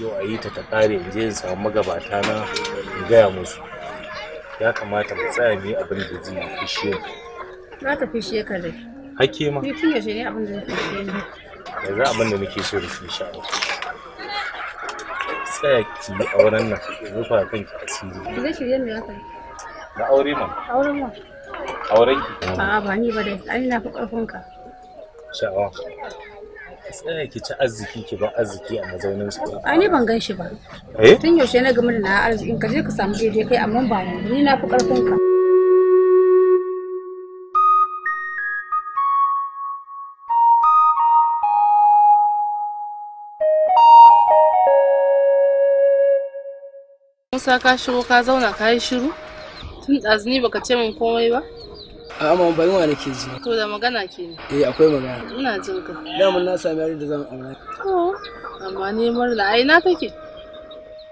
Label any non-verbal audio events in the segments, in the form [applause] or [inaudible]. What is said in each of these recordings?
yau a yi ta ta kare in je in samu magabata na in gaya musu ya kamata mu tsaya mu yi abin da zai fishe mu na ta fishe ka dai hakke ma ni tun yaushe ne abin da zai fishe ni yanzu abin da nake so da shi insha Allah tsaya ki yi auren nan rufa kanki asiri ki zai shirye ne ya kai na aure ma auren ma auren ki a'a ba ni ba dai ai na fi karfin ka sha'awa tsaya ki ci arziki ki ba arziki a mazaunin su a ni ban gan shi ba eh? tun yaushe na game da na arzikin ka je ka samu daidai kai amma ba ni na fi karfin ka Musa ka shigo ka zauna ka yi shiru? Tun ɗazini baka ce min komai ba? a amma ban wa nake ji ko da magana ke ne eh akwai magana ina jin ka mun na sami yaro da zan aure ko amma ne da ai na kake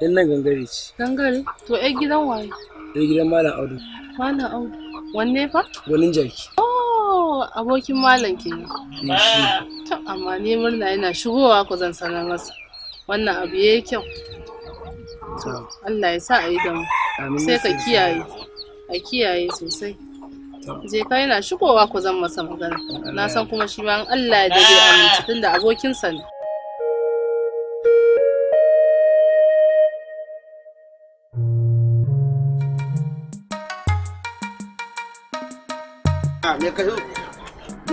din nan gangare ce gangare to ai gidan waye ai gidan malam audu malam audu wanne fa gonin jaki oh abokin malam ke ne eh, to amma ne murna yana shigowa ku zan sanar masa wannan abu yayi kyau Allah ya sa a yi da mu sai ka kiyaye a kiyaye sosai je ka yana shigowa ku zan masa magana na san kuma shi ma Allah ya dade aminci tunda abokinsa ne ah, me ka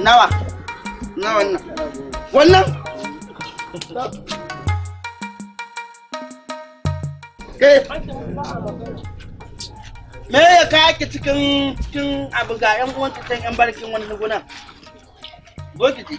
nawa nawa wannan wannan ke me ya ke cikin cikin abu ga yan uwanka can yan barkin wani gunan bokiti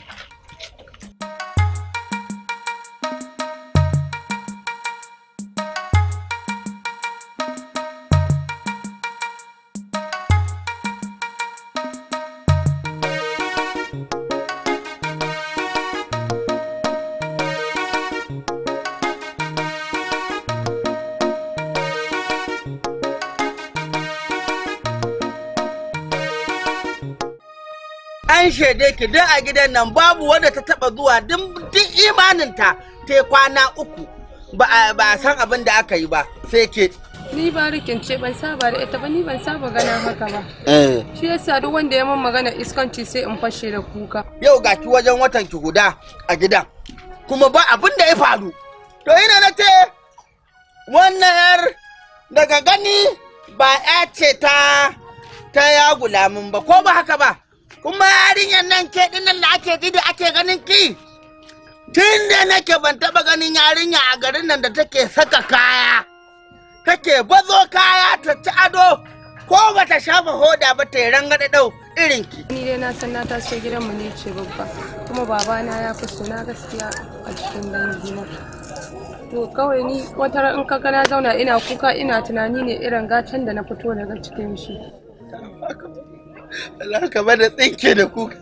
an shaide ki duk a gidan nan babu wanda ta taba zuwa duk imaninta ta kwana uku ba san abin da aka yi ba sai ke ni ba rikin ce ban saba da ita ba ni ban saba gana haka ba eh. shi yasa duk wanda ya man magana iskanci sai in fashe da kuka yau ga ki wajen watan ki guda a gidan kuma ba abin da ya faru to ina na ce wannan yar daga gani ba ya ce ta ta ya gulamin ba ko ba haka ba kuma yarinyar nan ke dinnan da ake ji da ake ganin ki tun da nake ban taba ganin yarinya a garin nan da take saka kaya take bazo kaya ta ci ado ko ba ta shafa hoda ba ta yi rangada dau irin ki ni dai na san na taso gidanmu ne ce babba kuma babana ya fi suna gaskiya a cikin na to kawai ni wata in ka na zauna ina kuka ina tunani ne irin gatan da na fito daga cikin shi Allah ka bada tsinke da kuka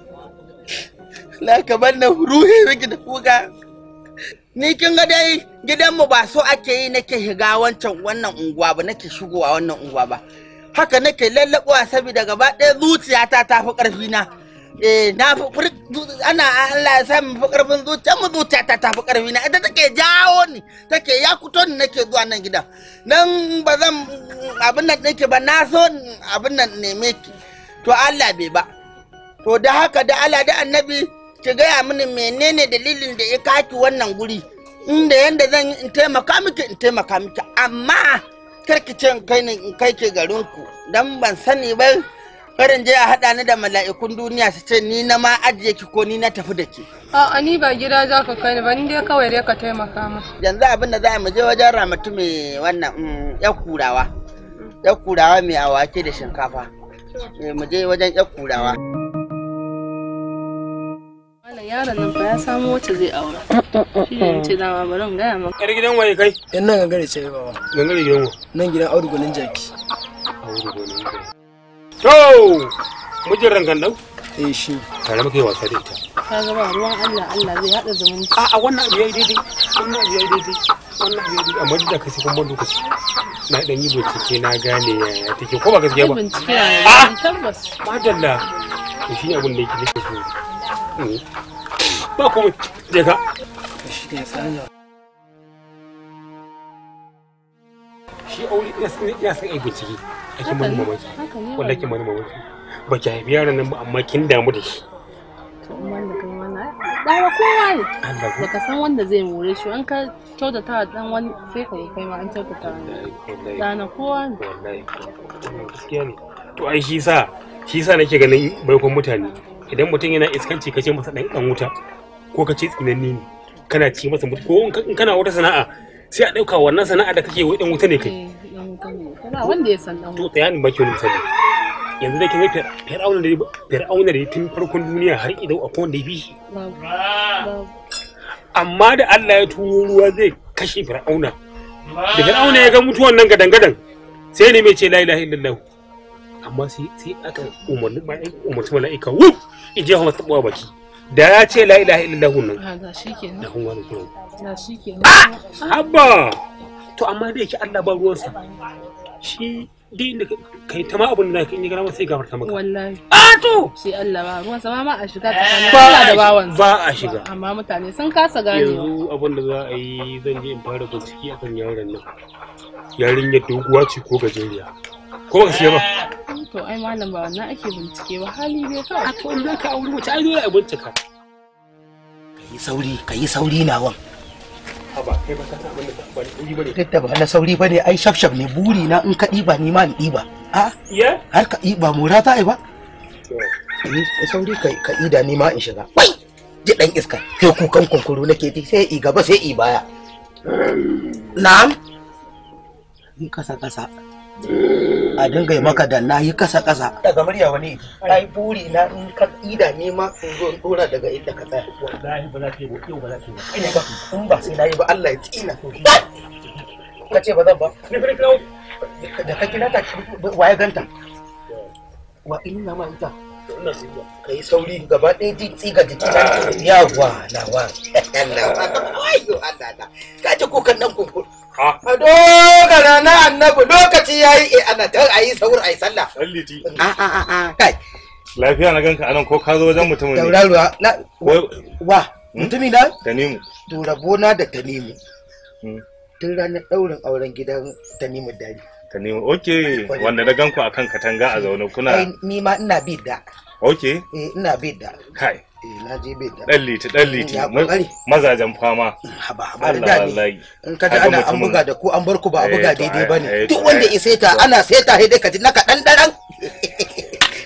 Allah ka bada ruhi miki da kuka ni kin ga dai gidanmu ba so ake yi nake shiga wancan wannan unguwa ba nake shigowa wannan unguwa ba haka nake lallaɓuwa saboda gaba ɗaya zuciyata ta fi ƙarfi na eh na fi ana Allah ya sa mu fi ƙarfin zuciya mu zuciyata ta fi ƙarfi na ita take jawo ni take yakuto ni nake zuwa nan gidan nan ba zan abin nan nake ba na so abin nan neme ki to Allah bai ba to da haka da Allah da annabi ki gaya mini menene dalilin da ya kaki wannan guri inda yanda zan in taimaka miki in taimaka miki amma ki ce in kai in kai ke garin ku dan ban sani ba karin je a haɗa ni da mala'ikun duniya su ce ni na ma ajiye ki ko ni na tafi da ke. A'a ni ba gida za ka kai ni ba ni dai kawai dai ka taimaka ma. Yanzu abin da za mu je wajen ramatu mai wannan mm, yan kurawa. Yan kurawa mai awake da shinkafa. Eh, mu je wajen yan kurawa yaron nan fa ya samu wacce zai aura shi ne ce dama bari mu gaya maka yar gidan waye kai yan nan gangare ce baba gangare gidan wa nan gidan audu gwanin jaki audu gwanin jaki to mujin rankan dau eh shi tare muke wasa da ita ka ga ba ruwan Allah Allah zai hada zumunci a a wannan abu yayi daidai wannan abu yayi daidai wannan ya duka amma da kasi kuma lokaci na dan yi bincike na gane yaya take ko ba gaskiya ba bincike yaya ah! tabbas madalla to abin da yake nake so hmm. ba kuma je ka shi aure ya sai ai bincike ake mamaki wallahi kin mamaki ba ki haifi yaran nan ba amma kin damu da shi kai baka san wanda zai more shi an ka kyautata dan wani sai ka kai ma an kyautata dana kowa ne gaskiya ne to ai shi sa shi sa nake ganin baikon mutane idan mutum yana iskanci kace masa dan kan wuta ko kace tsinanni ne kana ci masa ko in kana wata sana'a sai a dauka wannan sana'a da kake wai wuta ne kai dan eh, wanda ya san dan wuta to tayani baki wani misali yanzu da kin ga fir'auna da ya da tun farkon duniya har idan akwai wanda ya bi shi amma da Allah ya turo ruwa zai kashe fir'auna da fir'auna ya ga mutuwan nan gadan-gadan sai ne mai ce la ilaha illallah amma sai sai aka umarni umarci mala'ika wu ije hawa tsabuwa baki da ya ce la ilaha illallah nan ah, ga kenan da kuma ga shikenan ah! to amma da yake Allah ba ruwansa shi duk inda kai ta ma abin da zaka inda gara sai gafarta maka wallahi a to shi Allah ba ruwan sama ma a shiga eh, tsakanin da bawan ba a shiga amma mutane sun kasa gane yanzu abin da za a yi zan je in fara bincike akan yaron nan yarinyar doguwa ce ko gajeriya ko ba ka ba eh. to ai malam ba wannan ake bincike ba hali a to ka auri ai dole a bincika sauri ka yi sauri nawan haba kai ba ka san abin da ba sauri bane duk da ba na sauri bane ai shafshaf ne buri na in ka ɗiba ni ma in ɗiba a ya har ka ɗiba mura ta ai ba to sauri ka ka ida ni ma in shiga wai ji dan iska sai kukan kunkuru nake ji sai i gaba sai i baya na'am ni kasa kasa a dinga maka da na yi kasa kasa daga murya wani ai buri na in ka ida ne ma in zo in dora daga inda ka tsaya wallahi ba za ka yi ba yau ba za ka yi ba ina ka in ba sai na yi ba Allah ya tsina ka ce ba zan ba da ka kira ta waye ganta wa inna ma ita ka yi sauri gaba ɗaya ji tsiga jiki yawa lawa [laughs] lawa yayi eh ana ta ayi sahur sallah ah, ah, ah, kai lafiya na ganka anan ko ka zo wajen mutumin ne na wa hmm? mutumi na tanimu to rabona da tanimu hmm. tun ranar ɗaurin auren gidan tanimu dari tanimu okay wanda da ganku akan katanga a zaune kuna ni ma ina bi da eh, ina bi da kai Eh, dan liti dan mm, liti mazajen fama haba haba da dadi in ka ana an buga da ku an bar ku ba a buga eh, daidai ba bane eh, duk wanda ya seta ana seta sai dai ka ji naka dan da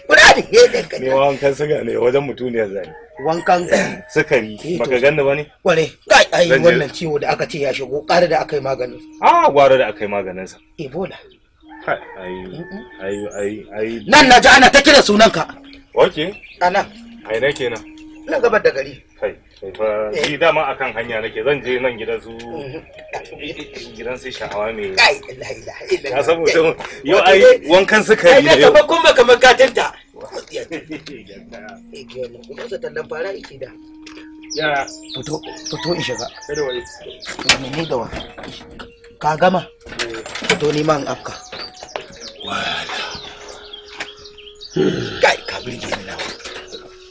kurani [laughs] sai ka ne wankan suga ne wajen mutuniya zani wankan [coughs] sukari baka ganni ba bane kware kai ai wannan ciwo da aka ce ya shigo ƙara da aka yi maganin a gwara da aka yi maganin sa ebola nan na ji ana ta kira sunanka ok ana aina kenan nan gabar da gari kai ni dama akan hanya nake zan je nan gidan su mm-hmm. gidan su sha'awa ne kai la ilaha illa ka saboda yau ai wankan suka yi yau kamar kuma kamar katinta eh, kuma sa tallan fara yake da Ya. fito fito in shiga kada wai ne da wa ka gama eh. fito ni man afka wala kai ka birge ni na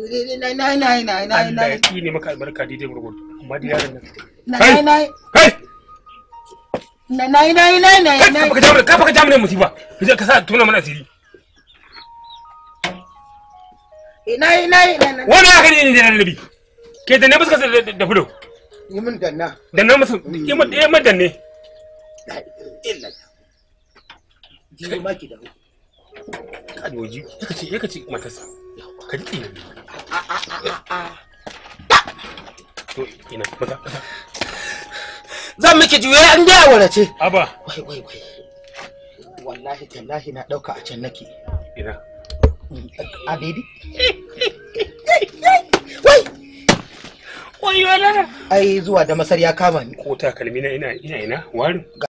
Nai nai ne maka albarka daidai gurgudu. Amma da yaron nan. Nai nai. na na na na na na Ka baka jamu ne musiba. Ka ka sa tona mana asiri. na na na Wani haka ne ne na Ke da ne ba da fudo. Yi danna. Danna musu. Yi min danne. Jibi ma ki dawo. Ka ji waje. Yaka ce matarsa. ka riƙe to ina maza zan miki juye an da yawara ce aba wai wai wai wallahi tallahi na ɗauka a can nake ina a baby wai wai wai ai zuwa da masar ya kama ni ko takalmi na ina ina ina warin